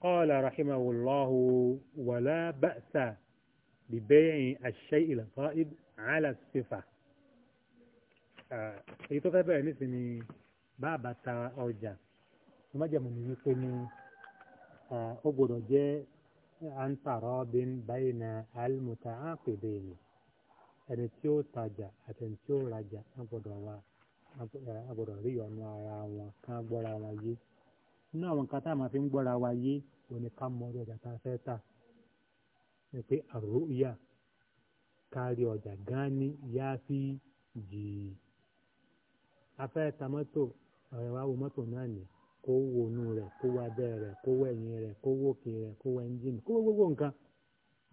قال رحمه الله ولا بأس ببيع الشيء الغائب على الصفة èyí tó fẹ́ bẹ̀rẹ̀ nísìn ni báàbà ta ọjà mo má jẹ̀mọ̀ nínú pé ní ó gbọ́dọ̀ jẹ́ àǹtàrọ̀ bín báyìí na àlùmùtà ápèdè ni ẹni tí ó tajà àti ẹni tí ó rajà á gbọ́dọ̀ wá agbọ́dọ̀ rí ọ̀nà ara wọn ká gbọ́ra wọn yé nínú àwọn nǹkan tá a máa fi ń gbọ́ra wa yé òun ni ká mọ ọdún ọjà tá a fẹ́ tà ni pé àròyà kárí ọjà gan ni yá fi jì í afẹ́ ta mọ́tò ọ̀rẹ́ wa wo mọ́tò náà ni kó wo inú rẹ̀ kó wo abẹ́ rẹ̀ kó wo ẹ̀yìn rẹ̀ kó wo òkè rẹ̀ kó wo ẹ́ńjìnì kó wo gbogbo nǹkan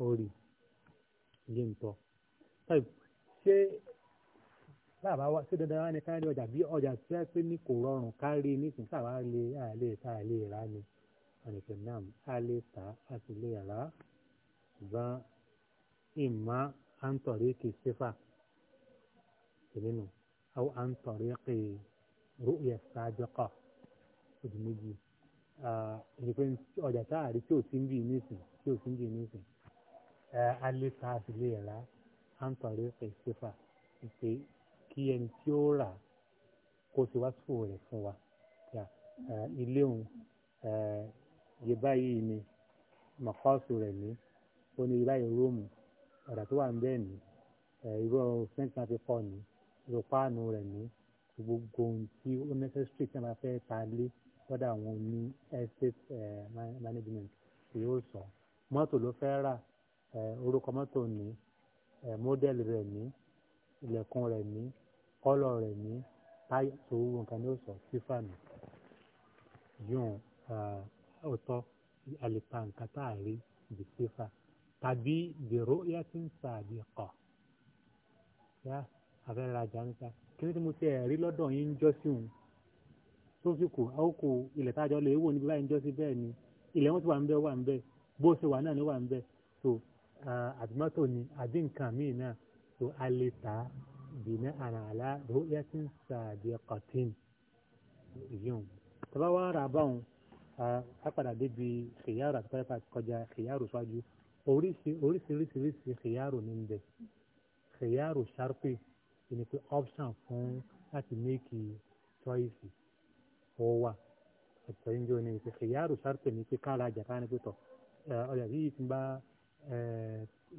orí yé ń tọ́ ṣé láàbá wá sí dandan wá ní kárí ọjà bí ọjà tí wọ́n pè ní kò rọrùn kárí nísìnyí káwá lè àlè ta àlè rà ni àlèkè náà àlè ta àti lè rà ṣùgbọ́n ìmọ̀ àǹtọ̀rí kì í ṣẹ́fà ìrìnnà àwọn àǹtọ̀rí kì í rúyẹ̀ sáájọ́kọ̀ ojú méjì ìrìnpé ọjà tá a rí tí ò sí ń bì nísìnyí tí ò sí ń bì nísìnyí àlè ta àti lè rà àǹtọ̀rí kì í ṣẹ́fà ìpè kí ẹni tí ó rà kó ṣe wá sùn rẹ̀ fún wa ilé òun yìí báyìí ni mọ̀kọ́sù rẹ̀ ní ó ní báyìí róòmù ọ̀dà tó wà ń bẹ́ẹ̀ ní irú fẹ́ǹsì náà fi pọ̀ ní irú páànù rẹ̀ ní gbogbo ohun tí ó necessary tí a máa fẹ́ ta lé lọ́dọ̀ àwọn oní estate management tí yóò sọ mọ́tò ló fẹ́ rà orúkọ mọ́tò ní mọ́dẹ́lì rẹ̀ ní ilẹ̀kùn rẹ̀ ní kọ́lọ̀ rẹ̀ ní táyà tó wù nǹkan ní òsàn fífà nù yóò ọ̀tọ̀ àlèpà nǹkan tá a rí bí fífà tàbí bèrò yá ti ń sàbí kọ̀ yá afẹ́rajà níta kí ni mo ti rí lọ́dọ̀ yín ń jọ́ sí òun tó fi kù àwòkù ilẹ̀ tájọ́ lè wò ní báyìí ń jọ́ sí bẹ́ẹ̀ ni ilẹ̀ wọn ti wà ń bẹ́ wà ń bẹ́ bó ṣe wà náà ni wà ń bẹ́ so àbí ni àbí míì náà so a lè بناء على رؤية سابقة يوم tọ́lọ́wọ́ ara báwọn apàdà débi kìyàrò àti pẹ́ẹ́pà kọjá kìyàrò ṣáájú oríṣiríṣiríṣi kìyàrò ní bẹ̀ kìyàrò ṣárpè ìní pé option fún láti méèkì choice ó wà àtẹ̀yìnjọ́ ní pé kìyàrò ṣárpè ní pé káàlà àjàká ní pé tọ̀ ọjà yìí ti bá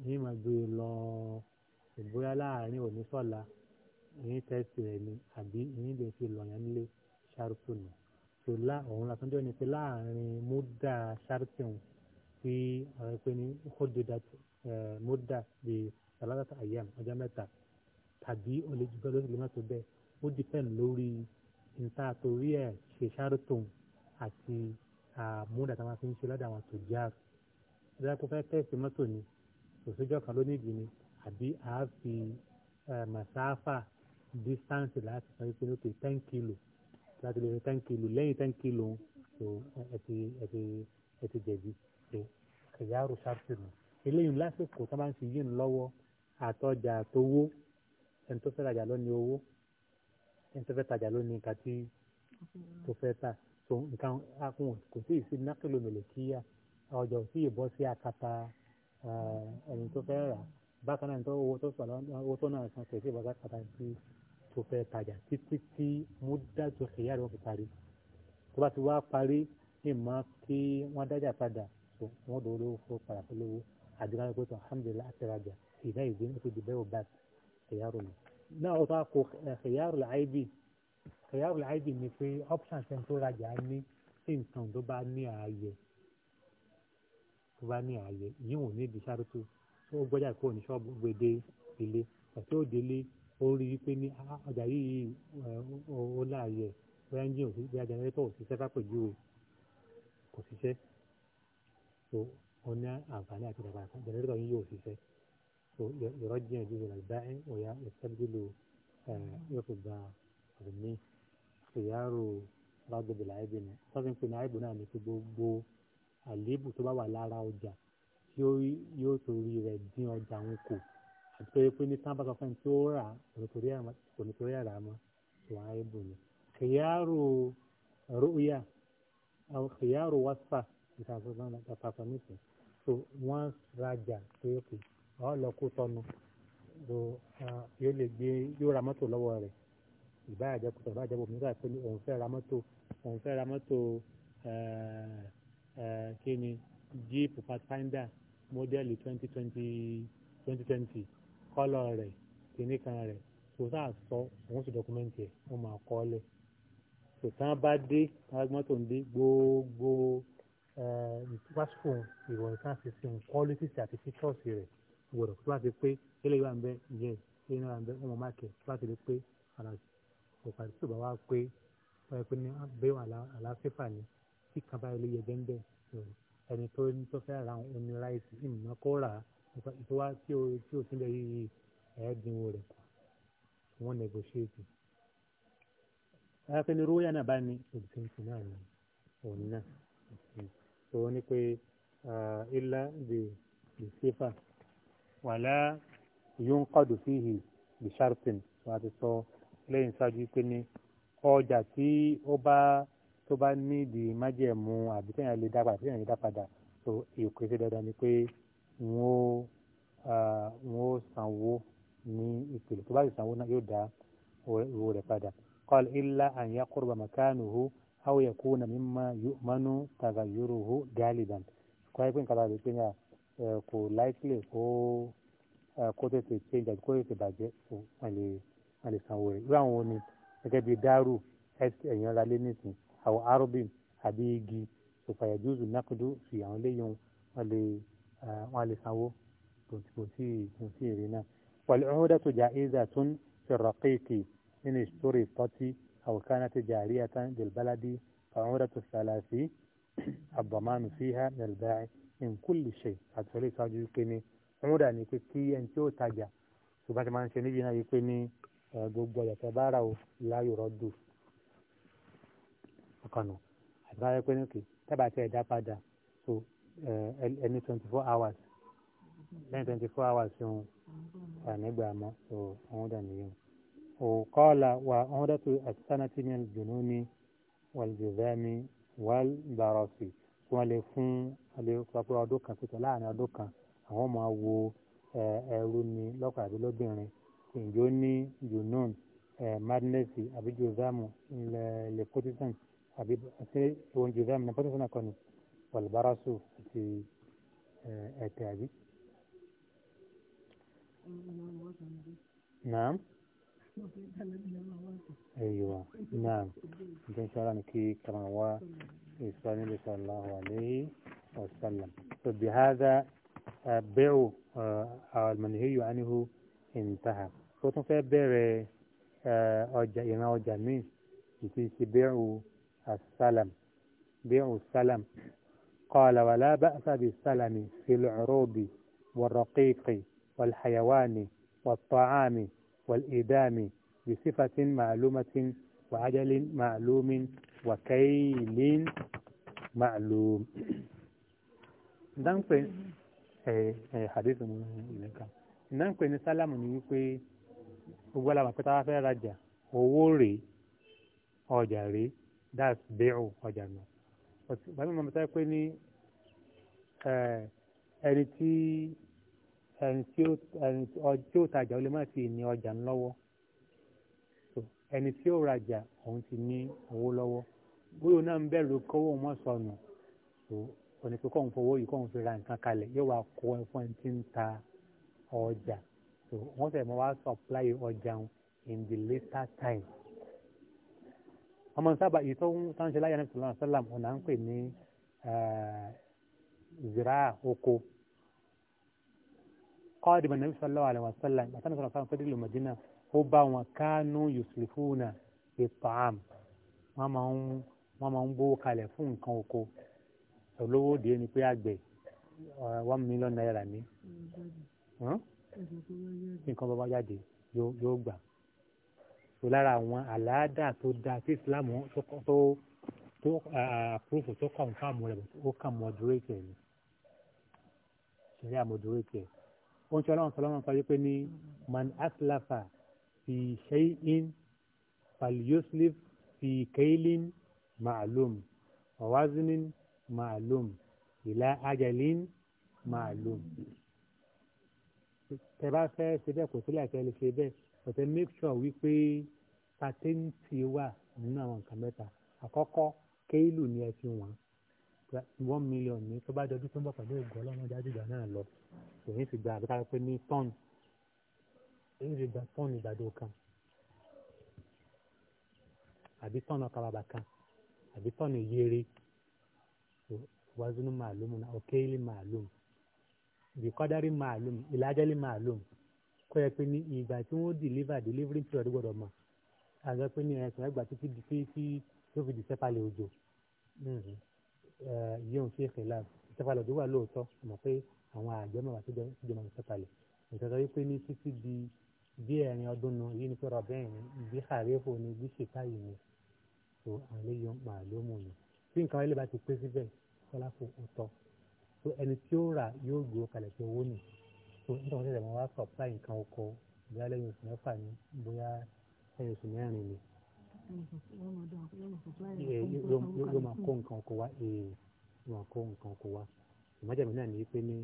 yín máa gbé lọ ìbúra láàrin òní sọ́la ìyín tẹ́sí rẹ̀ ni àbí ìyín lè fi lọ̀yàn nílé ṣáàrùtù nù. ṣùlá òun làtúndọ̀ ni pé láàrin múdà ṣáàrùtù tí ọ̀rẹ́ pé ní kódìdà múdà di sàlátà àyàm ọjọ́ mẹ́ta tàbí olùjúgbọ́ lórí ìlú mẹ́tò bẹ́ẹ̀ ó dìpẹ́ǹ lórí nta torí ẹ̀ ṣe ṣáàrùtù àti múdà táwọn fi ń ṣe lọ́dọ̀ àwọn tòjáàrù. ìdájọ́ pé fẹ́ẹ́ tẹ̀sí mọ́tò ni òṣèjọ́ kan ló níbi ni àbí a fi màsáfà distance láti sọ pé ó ti ten kilo láti lè fi ten kilo lẹ́yìn ten kilo so ẹ ti ẹ ti ẹ ti jẹ̀bi ṣe ẹ̀yà rúṣàtì nù eléyìí lásìkò tó bá ń fi yín lọ́wọ́ àtọ́jà àtowó ẹni tó fẹ́ tajà lónìí owó ẹni tó fẹ́ tajà lónìí nǹkan tí tó fẹ́ tà so nǹkan akun kò sí ìsí nákìlómìlì kíyà ọjà sí ìbọ́ sí akata ẹni tó fẹ́ rà bákan náà nítorí owó tó sọ̀rọ̀ owó tó náà san kò sí pàtàkì tó fẹ́ tajà títí tí múdàtò ìyá rẹ̀ wọ́n fi parí tó bá ti wá parí ìmọ̀ kí wọ́n dájà padà tó wọ́n dòwó lówó fún padà fún lówó àdúrà pé tó alhamdulilayi àtẹ̀rajà ìdá ìgbín ó ti di bẹ́ẹ̀ bá ìyá rẹ̀ lọ. náà ó tó kó ìyá rẹ̀ láìbì ìyá rẹ̀ láìbì ni pé option ten tó rajà ní sí nǹkan tó bá ní ààyè tó bá ní ààyè yíwọ̀n níbi sáré ó gbọ́dọ̀ kó ní ṣọ́ọ̀bù gbèdé ilé àti òdélé ó rí i pé ní ah, ah, ọjà yìí eh, ó láàyè bóyá ń jìn òṣìṣẹ́ bóyá jẹnẹrétọ̀ òṣìṣẹ́ bá pèjú o kò ṣiṣẹ́ so ó ní àǹfààní àti ìdàgbà jẹnẹrétọ̀ yìí yóò ṣiṣẹ́ so yọ̀rọ̀ jìn ìdí ìrìnà ìgbà ẹ̀ ọ̀yà ìṣẹ́bílò yóò fi gba ọ̀mí ìyàrò rágbèbè láìbì ni tọ́sí ń pè ní àìbò náà ní gbogbo àléébù tó bá wà lára ọjà yóò torí rẹ̀ dín ọjà wọn kù àti pé pé ní sábà kan tí ó rà kò ní torí àrà mọ́ ṣùgbọ́n àìbù ni. kìyàrò rúùyà kìyàrò wáṣpà ìtàkùn nísìn so wọ́n rajà pé òkè ọ̀ lọ kó tọ́nu yóò lè gbé yóò ra mọ́tò lọ́wọ́ rẹ̀ ìbáyàjẹ́ kùtà ìbáyàjẹ́ bòmí nígbà pé òun fẹ́ ra mọ́tò òun fẹ́ ra mọ́tò kí ni jíìpù pathfinder mọ́dẹ́lì twenty twenty twenty twenty kọ́lọ̀ rẹ̀ kìíní kan rẹ̀ kò sáà sọ òun sì dọ́kúmẹ́ǹtì ẹ̀ wọ́n máa kọ́ lẹ̀ kò tán bá dé agbọ́n tó ń dé gbogbo eh, ìwáṣùn ìròyìn kan ti sin kọ́lítìsì àti fíṣọ́ọ̀sì rẹ̀ gbọ́dọ̀ tó bá ti pé ilé ìwà ń bẹ yẹ ilé ìwà ń bẹ ọmọ máàkì tó bá ti di pé òpàdé tó bá wá pé wáyé pé ní bẹ́ẹ̀ àlàáfíà ni kíkan báyìí ló yẹ bẹ́ẹ̀ bẹ́ẹ̀ ẹni tó ní tó fẹ́ ra omi ráìsì ìmọ̀ kó rà ìtọ́wá tí o tí o sílẹ̀ yìí ẹ̀ẹ́dínwó rẹ̀ kù wọ́n negotiate. ẹ̀ẹ́dínwó rúwẹ́yà náà bá ní ìdíntì náà ní òun náà tó ní pé ilá di di sífà wàlá yóò ń kọ́dù fíhì di sharpin wàá ti sọ lẹ́yìn ṣáájú pé ní ọjà tí ó bá tó bá ní ìdí májẹ̀mú àbí téèyàn lè dá padà téèyàn lè dá padà so ìpèsè dandan ni pé wọ́n ó sanwó ní ìpìlẹ̀ tó bá sì sanwó náà yóò dá owó rẹ̀ padà qal illa an yaqruba makanuhu aw yakuna mimma yu'manu taghayyuruhu galiban kọ́ ẹ pé nǹkan bá rẹ̀ pé kò likely kó kó tètè change àti kó tètè bàjẹ́ fún wọn lè sanwó rẹ̀ irú àwọn ni gẹ́gẹ́ bíi dárù ẹ̀yìn ọ̀la lé nísìnyí. أو عرض أبيجي سوف يجوز النقد في علي ولسو رنا والعهدة جائزة في الرقيق إن اشترطت أو كانت جارية بالبلد فعودة الثلاث الضمان فيها من الباع من كل شيء àtúnṣe ìṣáájú wípé ní يقيني àní pé kí ẹni tí ó tajà ṣùgbọ́n ti máa ń ṣe níbi náà naa kanu àti ká yẹ pé nìkì tábà tí ẹ dá padà so ẹni twenty four hours lẹ́yìn twenty four hours ṣeun ànígbà mọ́ so ọ̀hún dà nìyẹn. وقال وعودة السنة من الجنون والجذام والبراس ثم لفون لفون ọdún kan pẹ̀tẹ̀ láàrin ọdún kan àwọn máa wo ẹrú ni lọ́kọ̀ àbí lóbìnrin ìjọ ní junun madness àbí jòzámù ilẹ̀ lẹ́kọ́tísàn أبي أسي والجذام نبتة سنكون والبرس في أتاجي آه، نعم أيوة نعم إن شاء الله نكي كما هو النبي صلى الله عليه وسلم فبهذا طيب، آه، بيع آه، المنهي عنه انتهى صوت في بيع أجا إنا أجا مين يتيسي بيعه السلم بيع السلم قال ولا بأس بالسلم في العروض والرقيق والحيوان والطعام والإدام بصفة معلومة وعجل معلوم وكيل معلوم ndangpe ẹ ẹ hadith mu ilé kan ndangpe ni sálámù ni wípé gbogbo alamọ̀ pé táwa fẹ́ that's bẹ́ẹ̀ ọjà náà bàbá mi mọ̀mọ́tá pé ní ẹni tí ẹni tí ó tí ó tajà ó lè So ti ní ọjà lọ́wọ́ ẹni tí ó rajà òun ti ní owó lọ́wọ́ bóyá náà ń bẹ̀rù kọ́wọ́ wọn sọnù òní pé kóun fowó yìí kóun fi ra nǹkan kalẹ̀ yóò wá kó ẹ fún ẹni tí ń ta ọjà wọ́n sẹ̀ supply ọjà in the later time ọmọ nsábà èyí tó ń sáńṣe láyé anabi sallallahu alayhi sallam ọ̀nà ń pè ní zira oko kọ́ọ̀dì bá nàbí sallallahu alayhi wa sallam àtàwọn sọ̀rọ̀ sáwọn fẹ́ẹ́ dìlù mọ̀dínà ó bá wọn kánú yuslifuna ìpàm wọn máa ń bó kalẹ̀ fún nǹkan oko olówó dìé ni pé àgbẹ̀ one million naira ní hm? nǹkan bá jáde yóò gbà tó lára àwọn àlàáda tó da tí islam tó tó àpúròfò tó kàn fún àmú rẹ̀ ó kàn mọ̀dúrétì ẹ̀ ni ṣẹlẹ̀ àmọ̀dúrétì ó ń ṣe ọlọ́run sọlọ́run sọ wípé ní man aslafa fi shay'in falyoslif fi kailin maalum, wawazinin maalum, ìlà ajalin maalum. tẹ bá fẹ́ ṣe bẹ́ẹ̀ kò sílẹ̀ àti ẹ lè ṣe bẹ́ẹ̀ ọ̀tẹ̀ make sure wípé pàtẹ́ǹtì wà nínú àwọn nǹkan mẹ́ta àkọ́kọ́ kéèlù ni ẹ fi wọ́n one million ní tó bá dọdún tó ń bọ̀ pẹ̀lú ògùn ọlọ́run dájú ìgbà náà lọ èyí ti gba àbíká pé ní tọ́ọ̀nù èyí ti gba tọ́ọ̀nù ìgbàdo kan àbí tọ́ọ̀nù ọkà bàbà kan àbí tọ́ọ̀nù yéré wazunu màálùm náà òkèèlì màálùm bìkọ́dárí màálùm ìlàjẹ́lì màálùm kó yẹ pé ní ìgbà tí wọ́n dìlíva delivery period gbọ́dọ̀ mọ̀ àgbẹ̀ pé ní ẹ̀sìn ẹgbà títí di sí sí tó fi di sẹ́pàlẹ̀ òjò hmm. yóò fi èkè láàbù sẹ́pàlẹ̀ òjò wà lóòótọ́ mọ̀ pé àwọn àgbẹ̀ mẹ́wàá tó jọ máa ń sẹ́pàlẹ̀ nǹkan tó yẹ pé ní títí di bí ẹ̀rin ọdún nu yìí ni pé rọ̀bẹ́yìn ni bí kàrífò ni bí ṣèkáyì ni tó àwọn eléyìí máa ló mú ni tí nǹkan ilé bá ti pé síbẹ̀ kọ́lá kò tọ́ tó ẹni tí ó rà yóò gbé ó kalẹ̀ pé owó nì tó nítorí wọn ṣẹ̀ṣẹ̀ wọn wá sọ̀pá nǹkan oko bóyá lẹ́yìn oṣù mẹ́fà ni bóyá ẹ̀sùn mẹ́rin ni yóò máa kó nǹkan ọkọ̀ wá yóò máa kó nǹkan ọkọ̀ wá eh, ìmájàmí náà ní pé ní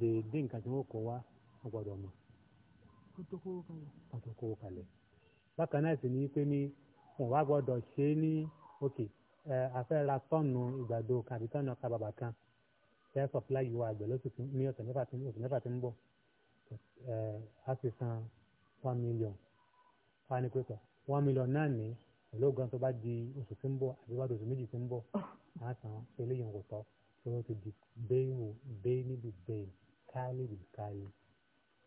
dèédé nǹkan tí wọ́n kọ́ wá wọ́n gbọ́dọ̀ mọ̀ wọ́n kówó kalẹ̀ bákan náà sì ní pé ní wọ́n wá gbọ́dọ̀ ṣe é ní òkè afẹ́ ra tọ́ọ̀nù ìgbàdo kàbí tọ́ọ̀nù ọkà bàbà kan ṣe é sọ̀fúnlá yìí wọ àgbẹ̀ lóṣù ní ọ̀sẹ̀ mẹ́fà tí ń bọ̀ a ti san one million wá ní pé sọ one million náà ní pẹ̀lú ògùn tó bá di oṣù tí ń bọ̀ àti bá di oṣù méjì tí ń bọ̀ á san eléyìí ń kò tọ́ tó ti di béèwò béè níbi béè káálí bìí káálí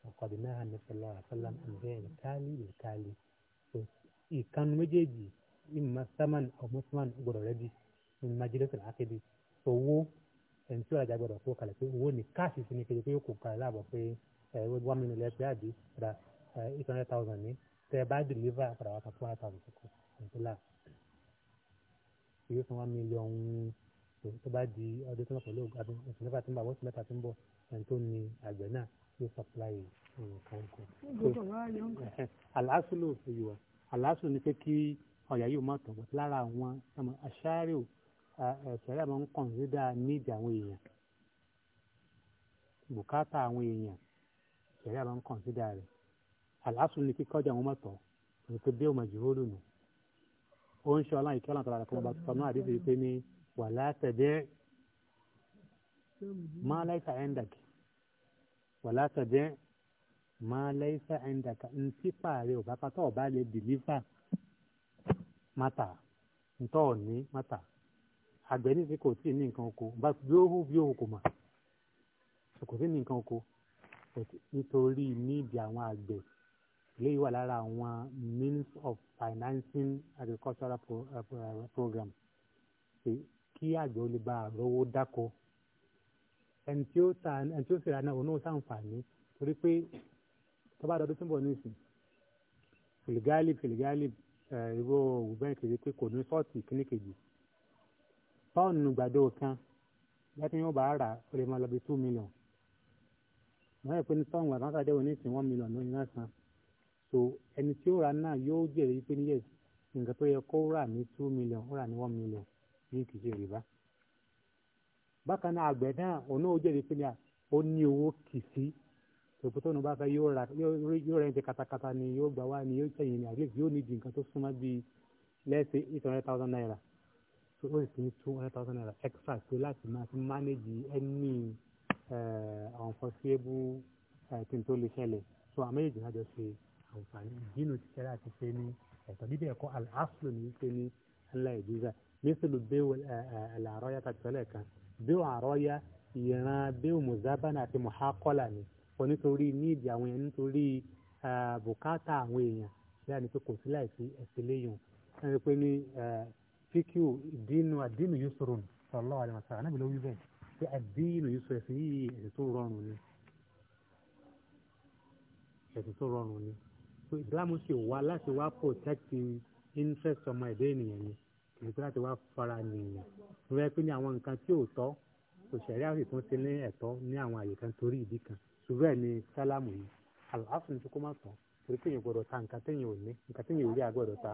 ọ̀kadì náà hàn ní sọlá àfẹlá bẹ́ẹ̀ ni káálí bìí káálí ìkànnì méjèèjì ìmọ̀ sáman ọ̀gbọ́n sáman gbọ́dọ̀ rẹ́ bí ìmọ̀ májílẹ́sẹ̀ lákèdè owó ẹni tí ó rajà gbọdọ̀ kó kalẹ̀ pé owó ní káàsì sí ni kejì pé ó kò kalẹ̀ láàbọ̀ pé ẹ wọ́n mílíọ̀nù lẹ́gbẹ̀ẹ́ àbí ra eight hundred thousand ni tẹ ẹ bá deliver àpàdà wa kan fún àtàwọn àbùkù àbùkùlà yóò san one million tó bá di ọdún tó ń pẹ̀lú àbí oṣù mẹ́fà tí ń bọ̀ oṣù mẹ́fà tí ń bọ̀ ẹni tó ní àgbẹ̀ náà yóò supply nǹkan kan. àlàásùlù èyí wa àlàásùlù ni pé kí ọ̀yà yóò má tọ̀gbọ̀ lára àwọn aṣáárẹ̀ ẹ̀ṣẹ̀rẹ̀ máa ń kọ̀ǹsídà níìdì àwọn èèyàn bùkátà àwọn èèyàn ẹ̀ṣẹ̀rẹ̀ máa ń kọ̀ǹsídà rẹ̀. ala ni kíkọ́ ọjà wọn mọ̀tọ́ òun pé bí òmà jìhóòlù nù ó ń ṣe ọláyìn kí ọba tó sọnù àdéhùn yìí pé ní wà látẹ̀dẹ́ má láìsà wà látẹ̀dẹ́ má láìsà ẹ̀ńdàkì kò tí ní nǹkan oko bá bí ó bí kò mà kò tí ní nǹkan oko eléyìí wà lára àwọn means of financing agricultural pro, uh, uh program kí àgbẹ̀ ó lè bá àrówó dáko ẹni tí ó ta ẹni tí ó sì ra náà òun náà sàǹfààní torí pé tó bá dọdún tó ń bọ̀ nísìn fìlìgálì fìlìgálì ìwọ òwú bẹ́ẹ̀ kiri pé kò ní sọ́ọ̀tì kíní kejì pọ́ùnù gbàdo kan láti yóò bá rà ó lè máa lọ bí two million wọ́n yẹ pé ní sọ́ọ̀nù àbáńsádé onísìn one million ló ní náà san. so ẹni tí ó rà náà yóò jèrè pé ní ni nǹkan tó yẹ kó rà ní two million ó rà ní one million ní kìí ṣe rìbá bákan náà àgbẹ̀ náà òun náà ó pé ní ra yóò rẹ̀ ń katakata ni yóò gbà ni yóò tẹ̀yìn ni àbí yóò ní di nǹkan tó súnmọ́ bíi lẹ́sẹ̀ eight hundred thousand naira tó ó sì ní two hundred thousand naira extra láti máa fi manage any eh, unforeseeable eh, tó àǹfààní dínú ti ṣẹlẹ̀ àti ṣe ní ẹ̀tọ́ bíbẹ ẹ̀kọ́ aláṣọ ní ṣe ní aláìjíza mẹsàlù bẹwò àlàrọyà tàbíṣẹlẹ kan bẹwò àrọyà ìran bẹwò mùsàbánà àti mùhákọlà ni wọn nítorí níìdì àwọn èèyàn nítorí eh, bùkátà àwọn èèyàn bẹ́ẹ̀ ni pé kò sí láìsí ẹ̀sìn léyìn ẹni pé ní eh, fíkìú dínú àdínú yìí ẹ̀sìn tó rọrùn so ìsìláàmù sì wá láti wá protect interest ọmọ ẹ̀dá ènìyàn ni kì í ṣe láti wá fara nìyẹn rẹ pé ní àwọn nǹkan tí ò tọ́ kò ṣẹ̀rí àwọn ìtún ti ní ẹ̀tọ́ ní àwọn àyè kan torí ìdí kan ṣùgbọ́n ẹ̀ ní sálámù yìí àlàáfíà tó kó má tán torí pé èèyàn gbọdọ̀ ta nǹkan téèyàn ò ní nǹkan téèyàn ò rí agbọ́dọ̀ ta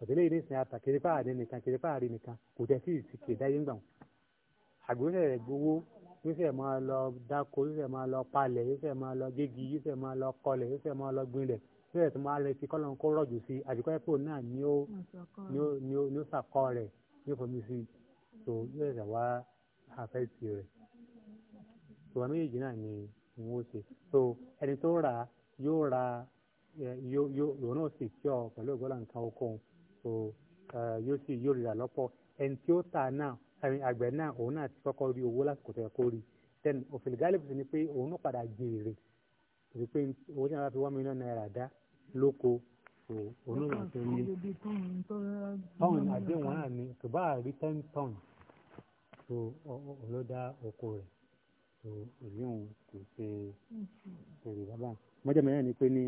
ọ̀tẹ́lẹ̀ yìí nísìnyí ata kiri fáàrí nìkan kiri fáàrí nìkan kò jẹ́ sí ìsìnkè dáyé ń gbà wọ́n. àgbẹ̀wò rẹ̀ gbowó yóò máa lọ dáko yóò máa lọ palẹ̀ yóò máa lọ gégi yóò máa lọ kọlẹ̀ yóò máa lọ gbinlẹ̀ sílẹ̀ tó máa retí kọ́lọ́n kó rọ̀jù sí àdìkọ́ ẹ̀pọ̀ náà ni ó ni ó sàkọ́ rẹ̀ ní fomi sí tó yóò ṣẹ̀ wá àfẹ́sì rẹ̀ tó wà méjèèjì náà ni wọ́n ṣe tó ẹni tó rà yóò ra yóò náà sì kí ọ pẹ̀lú ìgbọ́lá nǹkan okòó tó yóò sì yóò rírà lọ́pọ̀ ẹni tí ó tà náà àgbẹ̀ náà òun náà ti kọ́kọ́ rí owó lásìkò tó yẹ kó then òfìlì gálíbù ni pé òun náà padà jèrè torí pé owó tí wọn bá lóko oníwà tó ní tọ́ọ̀n àdéhùn náà ni tó bá rí ten tọ́ọ̀n tó ọlọ́dà oko rẹ̀ tó ìlíhùn kò ṣe èrè bàbá. mọ́jà mẹ́rin ni pé ní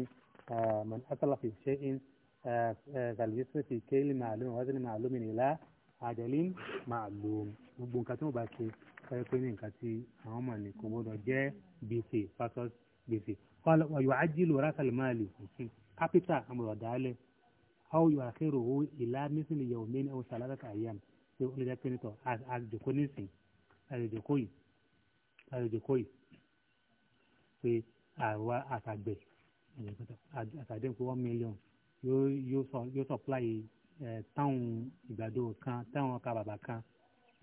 mọ̀n asálàfì ṣe ń zàlùyẹ́sẹ̀fì kéèlì màálùm wáṣẹ́ ní màálùm ìlà àjẹlí màálùm gbogbo nǹkan tí wọ́n bá ṣe sáré pé ní nǹkan tí àwọn ọmọ nìkan gbọ́dọ̀ jẹ́ gbèsè fásọ́s gbèsè. wàyọ̀ ajílù rásàlì máàlì capital kápítà àmọ̀rọ̀ dálẹ̀ how you are kérò owó ìlà o yẹ̀wò mí ní ọ̀hún sàlátà àyàm ṣé ó as jẹ́ pé nítọ̀ àjòkó nísìn se a àjòkó yìí pé àwa àtàgbẹ̀ àtàdéhùn pé one million yóò yóò sọ yóò supply eh, táwọn ìgbàdo kan táwọn ọkà bàbà kan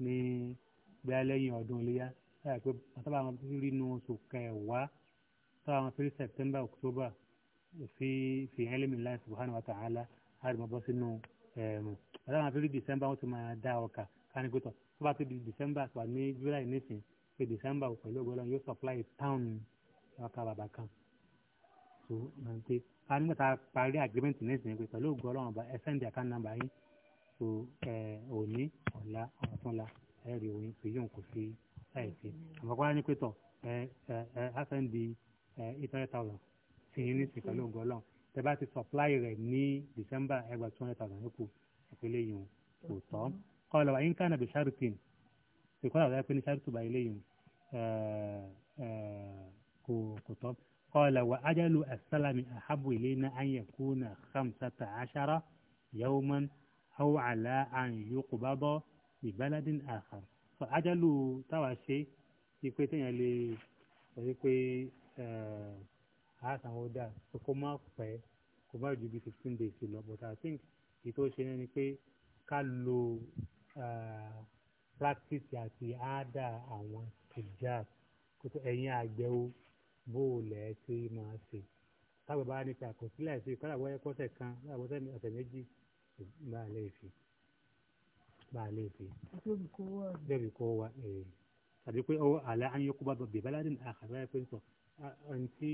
ní bóyá lẹ́yìn ọdún iléyà láì pé pàtàkì àwọn tó rí inú oṣù kẹwàá tó àwọn tó rí september october في في علم الله سبحانه وتعالى هذا ما بس إنه أنا في ديسمبر وأنت ما داوكا كان يقول تو بعد ديسمبر بعد مي جولاي نيسين في ديسمبر وكلو قالوا يو سبلاي تاون وكا بابا كان so nante a nígbà tá a parí agreement nísìnyí pé pẹ̀lú ògùn ọlọ́run ọba ẹsẹ̀ ndí àká nàmbà yín so ẹ òní ọ̀la ọ̀túnla ẹ rí òyìn pé yóò kò sí láì sí àmọ́ kọ́lá ní sí yín nísìnyí pẹ̀lú ògùn ọlọ́run tẹ bá ti supply rẹ̀ ní december ẹgbà two hundred thousand yòókù ìpínlẹ̀ yìí kò tọ́ kọ́ lọ wá yín kánà bí sárùtìn ìkọ́lá wà pé ní sárùtù bá ilé yìí kò kò tọ́ kọ́ lọ wá ajalu asalami ahabu ilé na an na hamsata ashara yawman aw ala an yòókù bá bọ́ so ajalu táwa ṣe ipe téèyàn lè sọ wípé a sanwó dà so kó má pẹ́ kó má ju bí fifteen days lọ but i think ètò ìṣẹ́ni ni pé ká lo practice àti àádá àwọn tìjáàb kótó ẹ̀yin àgbẹ̀wò bó o lẹ̀ ẹ́ ṣe máa ṣe táwọn bá ní pé àkọsílẹ̀ ṣe kọ́lá wọ́n ẹ̀kọ́ ọ̀sẹ̀ kan kọ́lá wọ́n ọ̀sẹ̀ méjì bá a lè fi bá a lè fi. débi kó wa eh. tàbí pé ó àlẹ́ ayé kó bá bọ̀ bèbá ẹ̀ pé sọ ẹ̀ ń tí.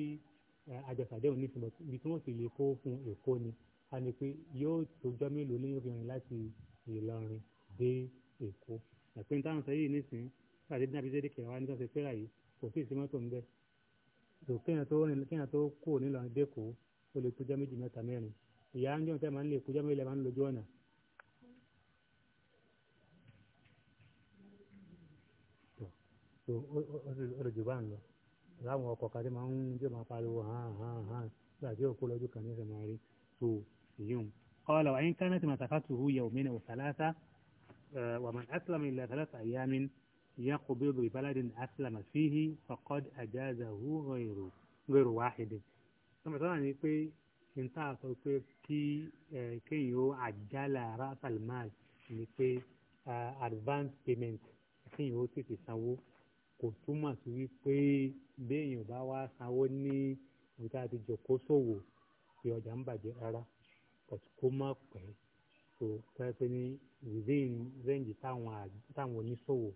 Eh, àjọṣàdéhùn ní ìtumọ̀ ibi tí wọ́n sì lè kó fún èkó ni a ní pé yóò tójọ́ mélòó lẹ́yìn òfin rìn láti ìlọrin dé èkó ẹ̀pẹ́ nítawọn sọ yìí nísìnyí pàdé dábí dédé kẹrẹ wa nígbà tó fẹ́ra yìí kò sí ìsímọ́tò ń bẹ́ tó kéèyàn tó rìn kéèyàn tó kú nílọrin dé kó o lè tójọ́ méjì mẹ́ta mẹ́rin ìyá ń jọ̀ọ́ tẹ́ máa ń lè kójọ́ mélòó máa ń lójú ọ̀nà tó o o o o ń lọ láwọn ọkọ̀ kan tí máa ń tí máa pariwo hàn hàn hàn nígbà tí òkú lọ́jọ́ kan ní ẹsẹ̀ máa rí tó èyí hùn. قال وإن كانت مسافته يومين وثلاثة ومن أسلم إلى ثلاثة أيام يقبض ببلد أسلم فيه فقد أجازه غير غير واحد ثم ترى أن يقول ń tà sọ pé kí eh, kéèyàn ó àjálà rasalmal ni pé eh, advance payment kéèyàn ó tètè sanwó kò túmọ̀ sí wípé béèyàn bá wá sanwó ní ibi tá a ti jòkó ṣòwò pé ọjà ń bàjẹ́ rárá kò má pẹ́ so pẹ́ẹ́pẹ́ ní within range táwọn oníṣòwò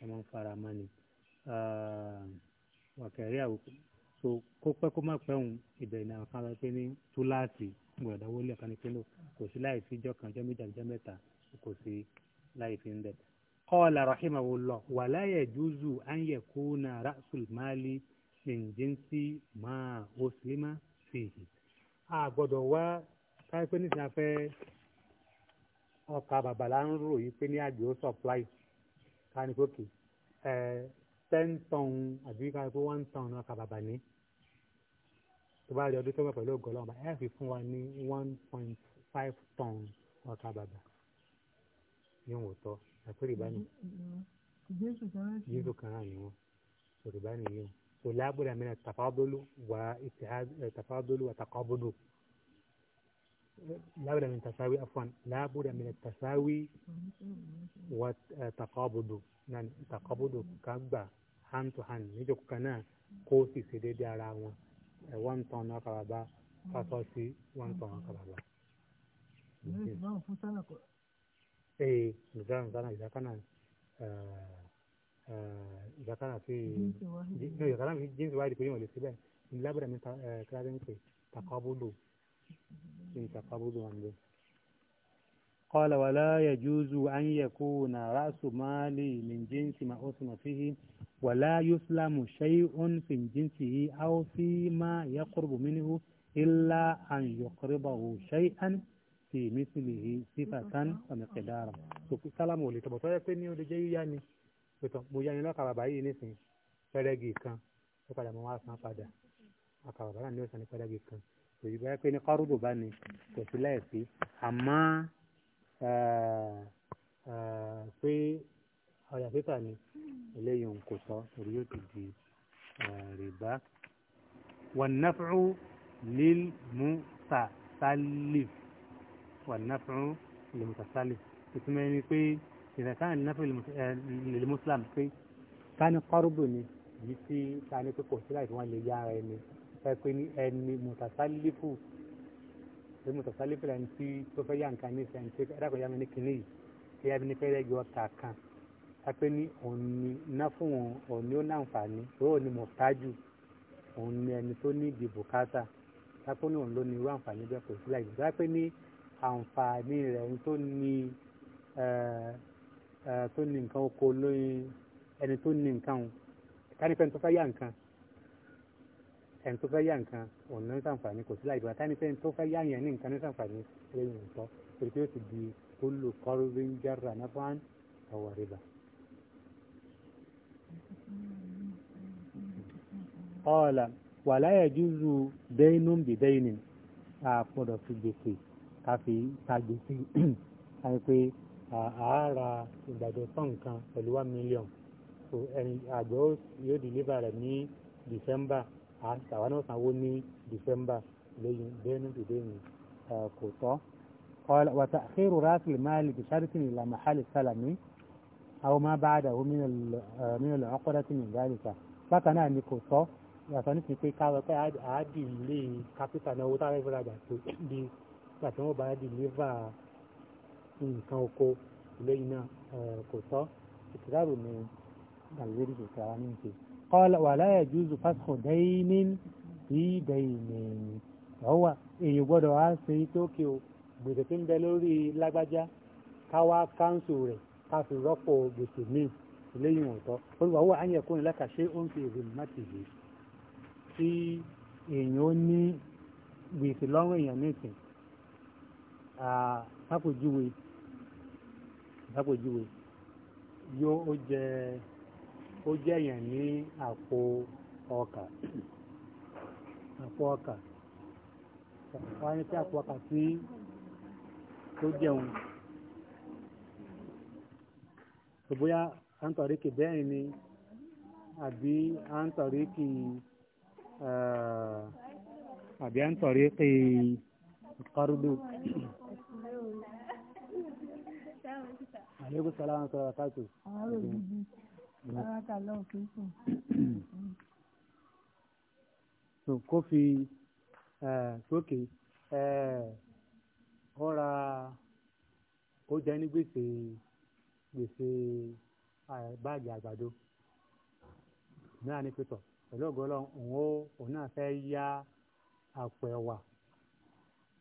ẹ máa ń fara mọ́ ni wàkẹ́rẹ́ ah, àwòkọ́ so kó pẹ́ kó má pẹ́ òun ìbẹ̀rẹ̀ náà kan pẹ́ẹ́pẹ́ ní túláàsì gbọ̀dọ̀ wọlé ọ̀kan ní pínlẹ̀ kò sí láì fi jọ́ kan jọ́ méjì àbíjọ́ mẹ́ta kò sí láì fi ń bẹ̀. قال رحمه الله ولا يجوز أن يكون رأس المال من جنس ما أسلم فيه a gbọ́dọ̀ wá káyọ̀pé ní ìsìn afẹ́ ọkà bàbàlá ń rò yìí pé ní àgbẹ̀ ó supply kánikókè ẹ̀ ten ton àbí káyọ̀pé one ton ọkà bàbà ní tó bá rí ọdún tó bá pẹ̀lú ògùn ọlọ́run ẹ̀ fi fún wa ní one point five ton ọkà bàbà ní òótọ́ àpérè bá ní jésù kan hàn ní wọn sọ̀rọ̀ bá ní yẹn so láàbùdà mìíràn tàfádọ́lù wà tàfádọ́lù wà tàkọ́bọ́dù láàbùdà mìíràn tàfáwí afọ́n láàbùdà mìíràn tàfáwí wà tàkọ́bọ́dù náà tàkọ́bọ́dù ká gbà hand to hand níjókòó kan náà kó sì ṣe déédéé ara wọn ẹ̀ wọ́n tán náà kàbàbà fásọ́sí wọ́n ń tán náà kàbàbà eh nzana nzana izakana izakana fi no izakana fi jinsi waidi kulima lisibani labda ni kaza ni takabudu ni takabudu wangu قال ولا يجوز أن يكون رأس مالي من جنس ما أسم فيه ولا يسلم شيء في جنسه أو فيما يقرب منه إلا أن يقربه شيئا fi mithlihi sifatan ọ̀nàkẹ̀dára so sálámù ò lè tọ̀bọ̀ tọ́jọ́ pé ní o lè jẹ́ yíyá ni pẹ̀tọ̀ mo yá ni lọ́kà bàbá yìí nísìn pẹ́rẹ́gì kan ó padà mọ́ wá san padà àkà náà ní ó san ní pẹ́rẹ́gì kan so ìgbà pé ní kárùbù bá ní kò láìsí àmọ́ eh, eh, pé ọ̀yà pépà ni eléyìí ń kò sọ orí yóò ti di eh, rìbá wà náfẹ́ lil mutasallif wà náfẹ̀ẹ́ lèmùtàsálẹ̀ ìtumọ̀ ẹni pé ìrẹ̀ká náfẹ̀ẹ́ lèmùsùlám pé ká ní kọ́rùbù ni yìí tí ká ní pé kò sí láì fi wọ́n lè yá ara ẹni ẹ pé ní ẹni mùtàsálífù pé mùtàsálífù lẹni tí tó fẹ́ yá nǹkan ní ìsẹ̀yìn tí ẹ̀dàkọ̀ yá mi ní kinní yìí kí yá mi ní fẹ́rẹ́ yọ ọ̀tà kan ẹ pé ní òun ni ná fún òun òun ni ó náǹfààní òun ni mọ̀tájù òun ni ẹni tó ní ìdìbò káàtà tápó ní òun ló ní irú àǹfààní bẹ́ẹ̀ kò sí láì gbà pé ní àǹfààní rẹ̀ ẹni tó ní tó ní nǹkan oko lóyún ẹni tó ní nǹkan o tánífẹ́ tó fẹ́ yá nǹkan ẹni tó fẹ́ yá nǹkan òun ló ń sàǹfààní kò sí láìpẹ́ tánífẹ́ tó fẹ́ yá yẹn ní nǹkan ló ń sàǹfààní lẹ́yìn ìtọ́ torí di olùkọ́rú bí ń jẹ́ra ká fi ta gbèsè àyè pé àárà ìgbàdo tán nǹkan pẹ̀lú one million so ẹni àgbẹ̀ yóò deliver rẹ̀ ní december àtàwọn náà sanwó ní december lẹ́yìn bẹ́ẹ̀ni ìdẹ́yìn kò tọ́. قال وتأخير رأس المال بشرط إلى محل السلم أو ما بعده من من العقدة من ذلك فكان أن يكون yàtọ̀ nítorí pé káwọ́ pé àádìí ilé kápítà náà owó nígbà tí wọ́n bá dìlíva nǹkan oko lẹ́yìn náà eh, kò tọ́ ìtìrárò ní àlùwérí kò tara ní ìṣe. قال ولا يجوز فسخ دين بدين ọwà èyí gbọ́dọ̀ á ṣe tókè o gbèsè tí ń bẹ lórí lágbájá káwá káńsù rẹ̀ ká fi rọ́pò gbèsè míì lẹ́yìn ọ̀tọ̀ olùwà wà á yẹ kó nílẹ̀ kà ṣé ó ń fi èrè mọ́tì yìí tí èèyàn ó ní gbèsè lọ́rùn èèyàn nìkan sápòjúwe sápòjúwe yóò ó jẹ ó jẹ èèyàn ní àpò ọkà àpò ọkà wọn á ní sí àpò ọkà tí tó jẹun bóyá à ń tọ̀rí kì bẹ́ẹ̀ ni àbí à ń tọ̀rí kì àbí à ń tọ̀rí kì kọ́rúdù. àlékún sálá ń sọ̀rọ̀ àtàtù. àárò gidi ara ta lọ kí n sùn. so kó fi sókè ọ̀ra ó jẹ́ ní gbèsè gbèsè báàgì àgbàdo náà ní pẹ̀tọ̀ pẹ̀lú ọ̀gọ́lọ́ òun ó òun náà fẹ́ yá àpò ẹ̀wà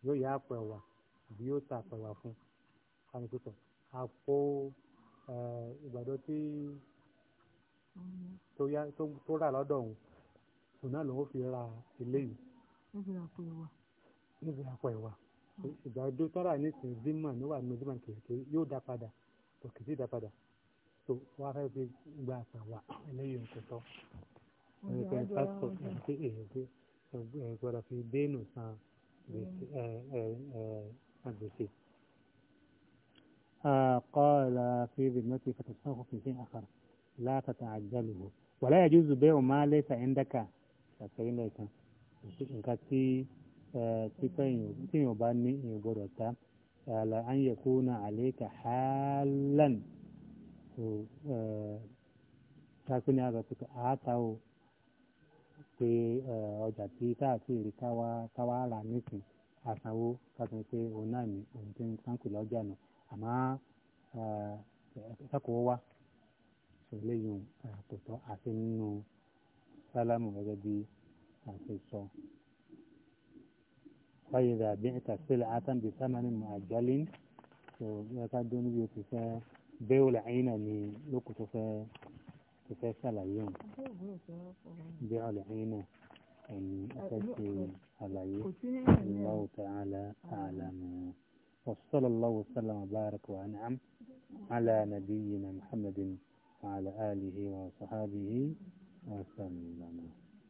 yóò yá àpò ẹ̀wà yóò ta àpò fún un àpò ìgbàdo tí mm-hmm. tó rà lọ́dọ̀ òun òun náà lòun fi ra eléyìí. níbi àpò ẹ̀wà. níbi àpò ẹ̀wà mm. ìgbàdo tó rà nísìnyí dímọ̀ níwà nínú dímọ̀ kìkì yóò dá padà kò kì í sì dá padà tó wá fẹ́ fi gba àpò ẹ̀wà eléyìí ń kò tọ́. ẹnìkan pásítọ̀ àti èèyàn gbọ́dọ̀ fi dénú san gbèsè. Mm. قال في ذمتي فتصرف في شيء آخر لا تتعجله ولا يجوز بيع ما ليس عندك ṣàtẹ̀yìn lẹ́ẹ̀kan nǹkan tí tíyàn bá ní èèyàn gbọ́dọ̀ ta àlà á ń yẹ kó na àlékà hálàn kápẹ́ ní àgbà pé àátá o pé ọjà tí káàkiri rí káwá rà nísìn àsanwó ká tó ń pé òun náà ní ohun tí ń sáǹkù lọ́jà náà àmọ́ ẹ̀kẹ́kọ̀ọ́ wá eléyìí kò tọ́ àti nínú sálámù gẹ́gẹ́ bí àti sọ. wáyé rà bí ìtàsílẹ̀ àtàǹbì sámánì mọ̀ àjálí tó yẹ ká dún níbi òtún fẹ́ bẹ́ẹ̀ wọlé àyín náà ni lóko tó fẹ́ tó fẹ́ sàlàyé hàn bẹ́ẹ̀ wọlé àyín náà ẹ̀yìn ọ̀fẹ́ ṣe àlàyé Allahu ta'ala a'lam. وصلى الله وسلم وبارك وأنعم على نبينا محمد وعلى آله وصحابه وسلم